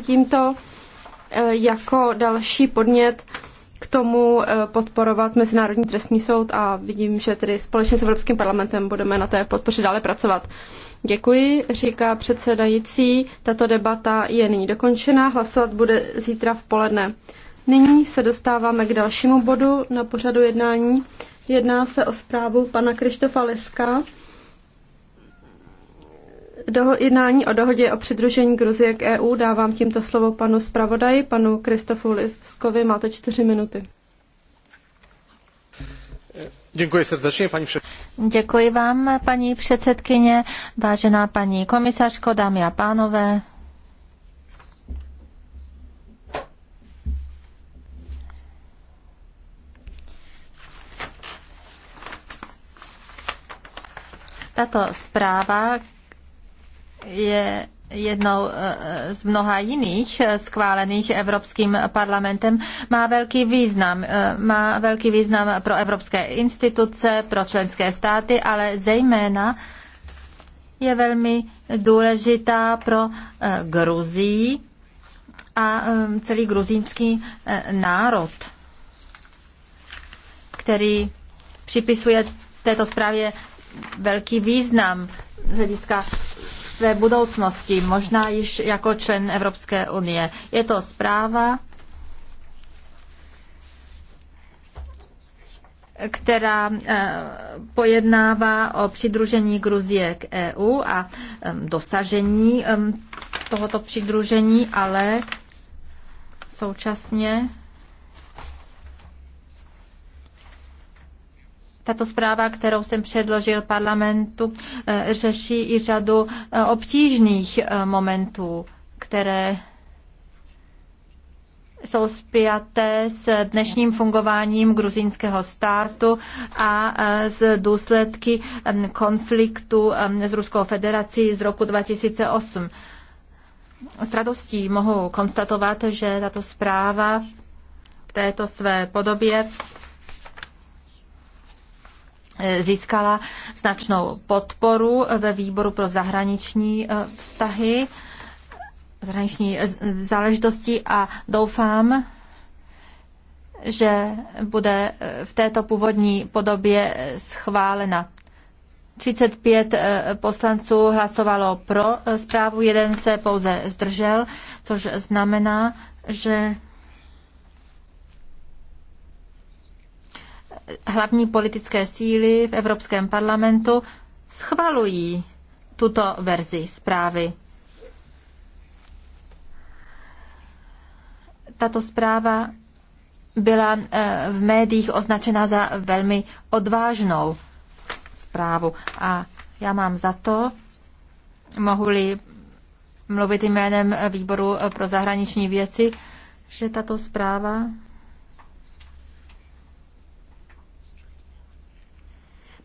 tímto eh, jako další podnět k tomu eh, podporovat Mezinárodní trestní soud a vidím, že tedy společně s Evropským parlamentem budeme na té podpoře dále pracovat. Děkuji, říká předsedající. Tato debata je nyní dokončena, hlasovat bude zítra v poledne. Nyní se dostáváme k dalšímu bodu na pořadu jednání. Jedná se o zprávu pana Krištofa Leska doho- jednání o dohodě o přidružení Gruzie k EU dávám tímto slovo panu zpravodaji, panu Kristofu Livskovi. Máte čtyři minuty. Děkuji srdečně, paní předsedkyně. Děkuji vám, paní předsedkyně, vážená paní komisařko, dámy a pánové. Tato zpráva, je jednou eh, eh, z mnoha jiných eh, schválených Evropským parlamentem, má velký význam. Má velký význam pro evropské instituce, pro členské státy, ale zejména je velmi důležitá pro Gruzii a celý gruzínský národ, který připisuje této zprávě velký význam z hlediska své budoucnosti, možná již jako člen Evropské unie. Je to zpráva, která eh, pojednává o přidružení Gruzie k EU a dosažení tohoto přidružení, ale současně Tato zpráva, kterou jsem předložil parlamentu, eh, řeší i řadu eh, obtížných eh, momentů, které jsou spjaté s dnešním fungováním gruzínského státu a z důsledky hm, konfliktu hm, s Ruskou federací z roku 2008. S radostí mohu konstatovat, že tato zpráva v této své podobě Eh, získala značnou podporu ve výboru pro zahraniční eh, vztahy, zahraniční eh, záležitosti a doufám, že bude v této původní podobě schválena. 35 poslanců hlasovalo pro zprávu, jeden se pouze zdržel, což znamená, že hlavní politické síly v Evropském parlamentu schvalují tuto verzi zprávy. Tato zpráva byla eh, v médiích označena za velmi odvážnou zprávu. A já mám za to, mohu-li mluvit jménem výboru pro zahraniční věci, že tato zpráva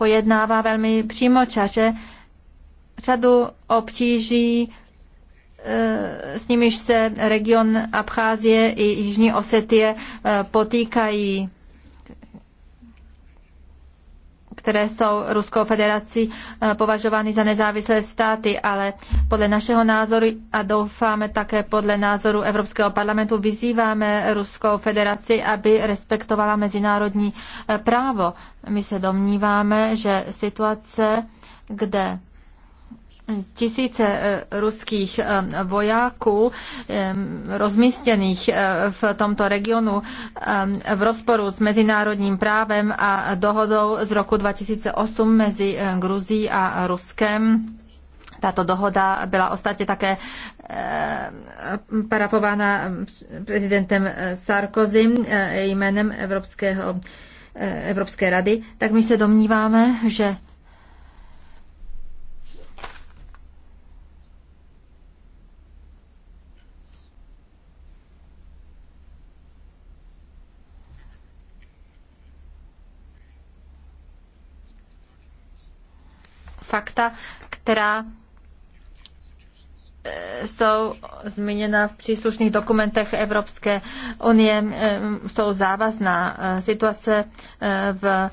pojednává velmi čaře řadu obtíží, eh, s nimiž se region Abcházie i Jižní Osetie eh, potýkají které jsou Ruskou federací eh, považovány za nezávislé státy, ale podle našeho názoru a doufáme také podle názoru Evropského parlamentu vyzýváme Ruskou federaci, aby respektovala mezinárodní eh, právo. My se domníváme, že situace, kde tisíce eh, ruských eh, vojáků eh, rozmístěných v tomto regionu v rozporu s mezinárodním právem a dohodou z roku 2008 mezi Gruzí a Ruskem. Tato dohoda byla ostatně také parafována prezidentem Sarkozy jménem Evropského, Evropské rady, tak my se domníváme, že témata, která eh, jsou zmíněna v příslušných dokumentech Evropské unie, eh, jsou závazná. Eh, situace v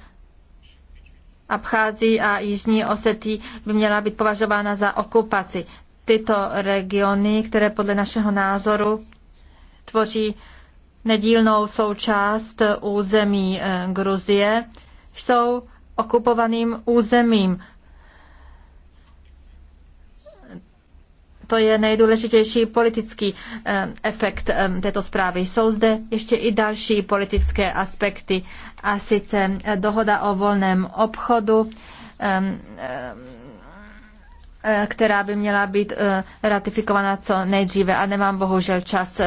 Abcházii a Jižní Osetí by měla být považována za okupaci. Tyto regiony, které podle našeho názoru tvoří nedílnou součást území Gruzie, jsou okupovaným územím to je nejdůležitější politický eh, efekt eh, této zprávy. Jsou zde ještě i další politické aspekty, a sice eh, dohoda o volném obchodu, která by měla být ratifikována co nejdříve a nemám bohužel čas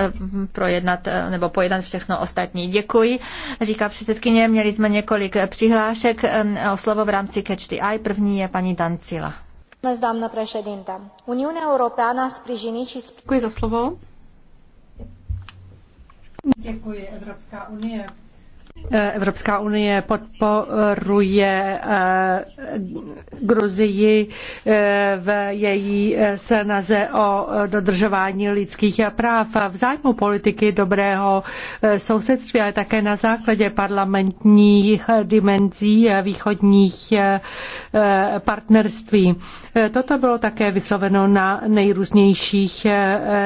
projednat nebo pojednat všechno ostatní. Děkuji, říká předsedkyně. Měli jsme několik přihlášek o slovo v rámci Catch the Eye. První je paní Dancila. Uniunea Europeană a sprijinit și... Děkuji za slovo. Děkuji. Evropská unie Evropská unie podporuje eh, Gruzii eh, v její eh, snaze o dodržování lidských práv v zájmu politiky dobrého sousedství, ale také na základě parlamentních dimenzí východních partnerství. Toto bylo také vysloveno na nejrůznějších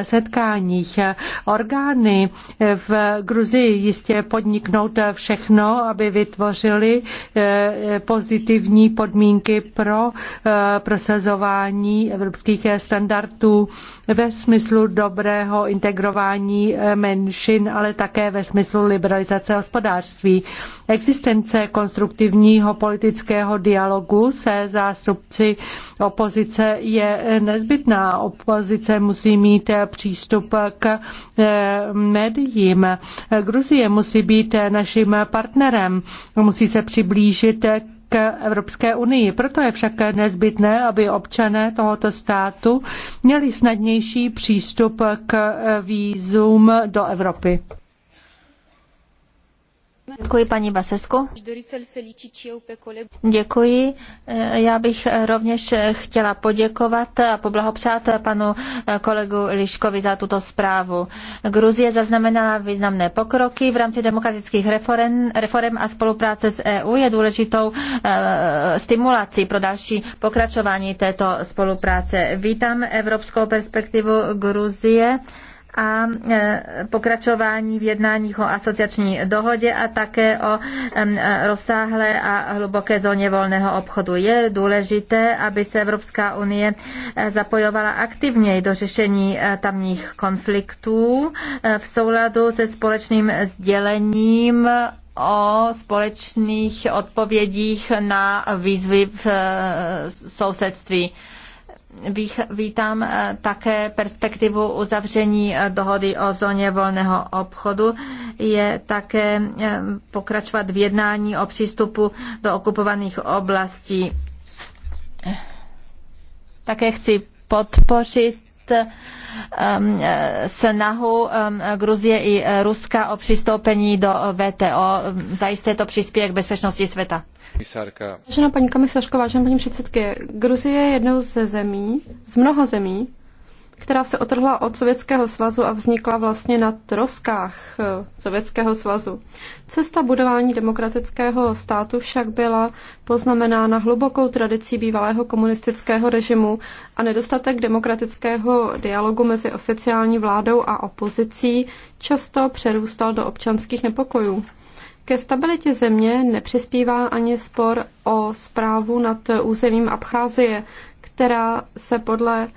setkáních. Orgány v Gruzii jistě podniknout vše všechno, aby vytvořili eh, pozitivní podmínky pro eh, prosazování evropských standardů ve smyslu dobrého integrování eh, menšin, ale také ve smyslu liberalizace hospodářství. Existence konstruktivního politického dialogu se zástupci opozice je nezbytná. Opozice musí mít přístup k médiím. Gruzie musí být naším partnerem. Musí se přiblížit k Evropské unii. Proto je však nezbytné, aby občané tohoto státu měli snadnější přístup k vízům do Evropy. Děkuji paní Basesku. Děkuji. Eh, já bych eh, rovněž eh, chtěla poděkovat a poblahopřát panu kolegu Liškovi za tuto zprávu. Gruzie zaznamenala významné pokroky v rámci demokratických reform, reform a spolupráce s EU je důležitou stimulací pro další pokračování této spolupráce. Vítám evropskou perspektivu Gruzie a e, pokračování v jednáních o asociační dohodě a také o e, rozsáhlé a hluboké zóně volného obchodu. Je důležité, aby se Evropská unie e, zapojovala aktivněji do řešení tamních konfliktů v souladu se společným sdělením o společných odpovědích na výzvy v sousedství. Vítám eh, také perspektivu uzavření eh, dohody o zóně volného obchodu. Je také eh, pokračovat v jednání o přístupu do okupovaných oblastí. Také chci podpořit Eh, eh, snahu eh, Gruzie i Ruska o přistoupení do VTO. Zajisté to přispěje k bezpečnosti světa. Vážená paní komisařko, vážená paní předsedkyně, Gruzie je jednou ze zemí, z mnoha zemí, která se otrhla od Sovětského svazu a vznikla vlastně na troskách eh, Sovětského svazu. Cesta budování demokratického státu však byla poznamenána hlubokou tradicí bývalého komunistického režimu a nedostatek demokratického dialogu mezi oficiální vládou a opozicí často přerůstal do občanských nepokojů. Ke stabilitě země nepřispívá ani spor o zprávu nad územím Abcházie, která se podle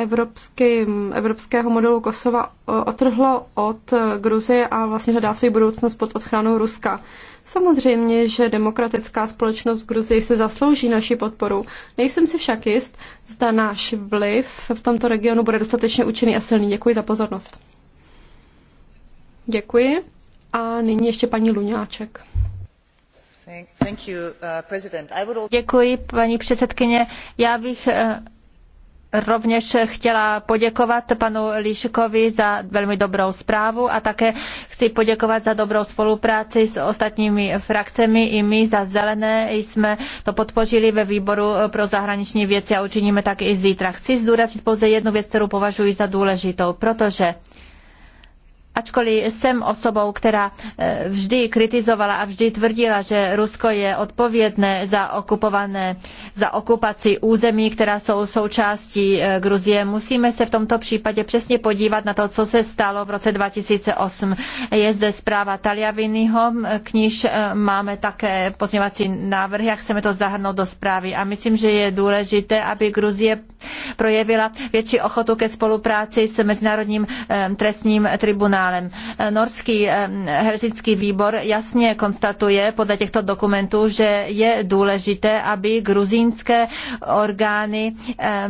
evropský, evropského modelu Kosova eh, otrhlo od eh, Gruzie a vlastně hledá svou budoucnost pod ochranou Ruska. Samozřejmě, že demokratická společnost v Gruzii se zaslouží naši podporu. Nejsem si však jist, zda náš vliv v tomto regionu bude dostatečně účinný a silný. Děkuji za pozornost. Děkuji. A nyní ještě paní Luňáček. Uh, Děkuji, paní předsedkyně. Já bych eh, rovněž chtěla poděkovat panu Líškovi za velmi dobrou zprávu a také chci poděkovat za dobrou spolupráci s ostatními frakcemi. I my za zelené jsme to podpořili ve výboru pro zahraniční věci a učiníme tak i zítra. Chci zdůraznit pouze jednu věc, kterou považuji za důležitou, protože ačkoliv jsem osobou, která eh, vždy kritizovala a vždy tvrdila, že Rusko je odpovědné za okupované, za okupaci území, která jsou součástí eh, Gruzie, musíme se v tomto případě přesně podívat na to, co se stalo v roce 2008. Je zde zpráva Taliaviniho, k níž eh, máme také pozměvací návrhy a chceme to zahrnout do zprávy. A myslím, že je důležité, aby Gruzie projevila větší ochotu ke spolupráci s Mezinárodním trestním tribunálem skandálem. Norský eh, helsický výbor jasně konstatuje podle těchto dokumentů, že je důležité, aby gruzínské orgány eh,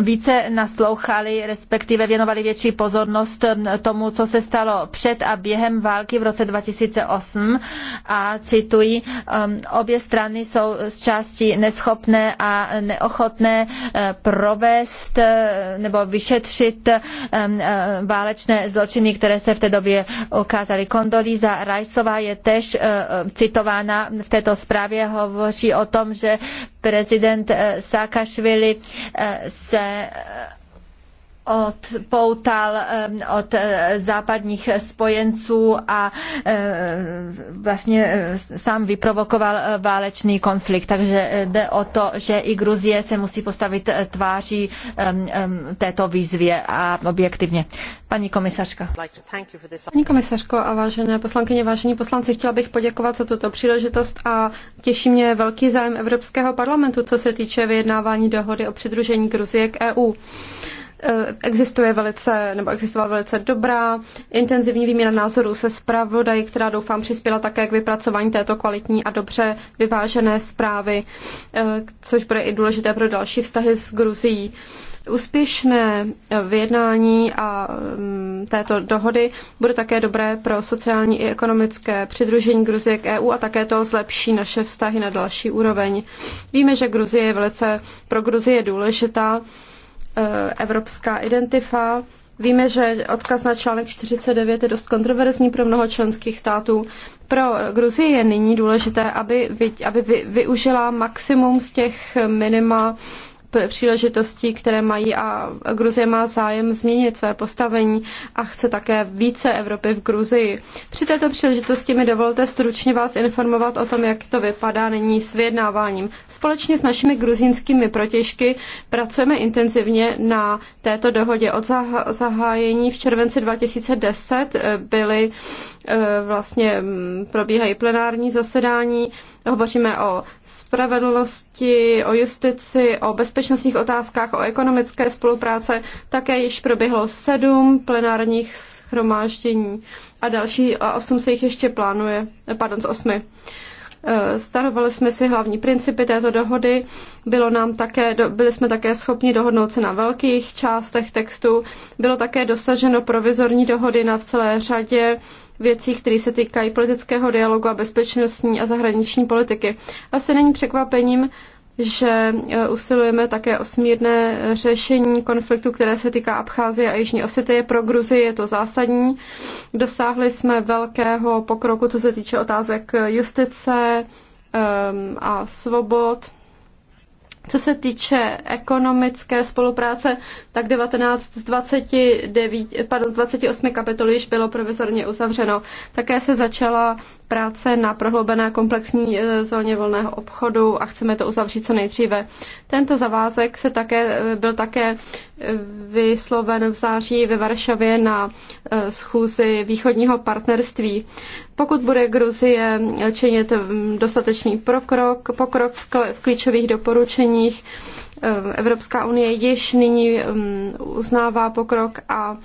více naslouchali, respektive věnovali větší pozornost tomu, co se stalo před a během války v roce 2008. A cituji, um, obě strany jsou z části neschopné a neochotné eh, provést eh, nebo vyšetřit eh, válečné zločiny, které se v té době ukázaly. Kondolíza Rajsová je tež citována v této zprávě, hovoří o tom, že prezident Saakašvili se odpoutal od eh, západních spojenců a eh, vlastně eh, sám vyprovokoval válečný konflikt. Takže jde o to, že i Gruzie se musí postavit tváří této výzvě a objektivně. Paní komisařka. Paní komisařko a vážené poslankyně, vážení poslanci, chtěla bych poděkovat za tuto příležitost a těší mě velký zájem Evropského parlamentu, co se týče vyjednávání dohody o přidružení Gruzie k EU. Eh, existuje velice, nebo existovala velice dobrá intenzivní výměna názorů se zpravodaj, která doufám přispěla také k vypracování této kvalitní a dobře vyvážené zprávy, eh, což bude i důležité pro další vztahy s Gruzií. Úspěšné eh, vyjednání a mm, této dohody bude také dobré pro sociální i ekonomické přidružení Gruzie k EU a také to zlepší naše vztahy na další úroveň. Víme, že Gruzie je velice, pro Gruzie je důležitá Eh, evropská identifa. Víme, že odkaz na článek 49 je dost kontroverzní pro mnoho členských států. Pro Gruzii je nyní důležité, aby, vy, aby vy, využila maximum z těch minima příležitostí, které mají a Gruzie má zájem změnit své postavení a chce také více Evropy v Gruzii. Při této příležitosti mi dovolte stručně vás informovat o tom, jak to vypadá nyní s vyjednáváním. Společně s našimi gruzínskými protěžky pracujeme intenzivně na této dohodě. Od zahájení v červenci 2010 eh, byly Eh, vlastně mm, probíhají plenární zasedání, hovoříme o spravedlnosti, o justici, o bezpečnostních otázkách, o ekonomické spolupráce. Také již proběhlo sedm plenárních schromáždění a další a osm se jich ještě plánuje, eh, pardon, z osmi. Eh, stanovali jsme si hlavní principy této dohody. Bylo nám také, byli jsme také schopni dohodnout se na velkých částech textu. Bylo také dosaženo provizorní dohody na v celé řadě věcí, které se týkají politického dialogu a bezpečnostní a zahraniční politiky. Asi není překvapením, že e, usilujeme také o smírné e, řešení konfliktu, které se týká Abcházie a Jižní Osety. Pro Gruzii je to zásadní. Dosáhli jsme velkého pokroku, co se týče otázek justice e, a svobod co se týče ekonomické spolupráce, tak 19 z, 29, pardon, z 28 kapitol již bylo provizorně uzavřeno. Také se začala práce na prohloubené komplexní e, zóně volného obchodu a chceme to uzavřít co nejdříve. Tento zavázek se také, e, byl také e, vysloven v září ve Varšavě na schůzi východního partnerství. Pokud bude Gruzie činit eh, dostatečný pokrok, pokrok v klíčových doporučeních, eh, Evropská unie již nyní mm, uznává pokrok a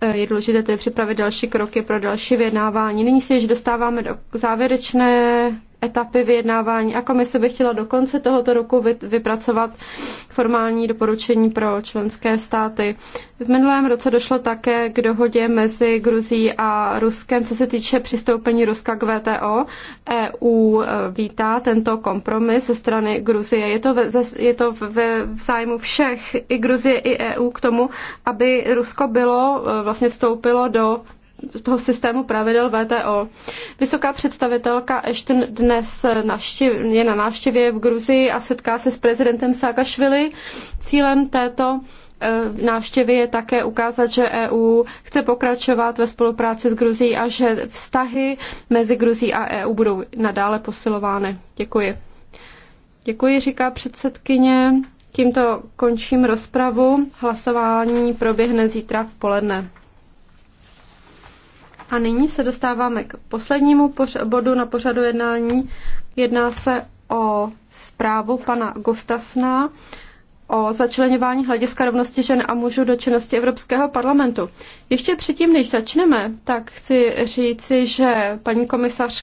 eh, je důležité tedy připravit další kroky pro další vyjednávání. Nyní se již dostáváme do závěrečné etapy vyjednávání a komise by chtěla do konce tohoto roku vypracovat formální doporučení pro členské státy. V minulém roce došlo také k dohodě mezi Gruzí a Ruskem, co se týče přistoupení Ruska k VTO. EU e, vítá tento kompromis ze strany Gruzie. Je to ve, je to ve v zájmu všech, i Gruzie, i EU, k tomu, aby Rusko bylo, e, vlastně vstoupilo do toho systému pravidel VTO. Vysoká představitelka Ashton dnes navštěv, je na návštěvě v Gruzii a setká se s prezidentem Sákašvili. Cílem této eh, návštěvy je také ukázat, že EU chce pokračovat ve spolupráci s Gruzií a že vztahy mezi Gruzií a EU budou nadále posilovány. Děkuji. Děkuji, říká předsedkyně. Tímto končím rozpravu. Hlasování proběhne zítra v poledne. A nyní se dostáváme k poslednímu bodu na pořadu jednání. Jedná se o zprávu pana Gustasna o začlenování hlediska rovnosti žen a mužů do činnosti Evropského parlamentu. Ještě předtím, než začneme, tak chci říci, že paní komisař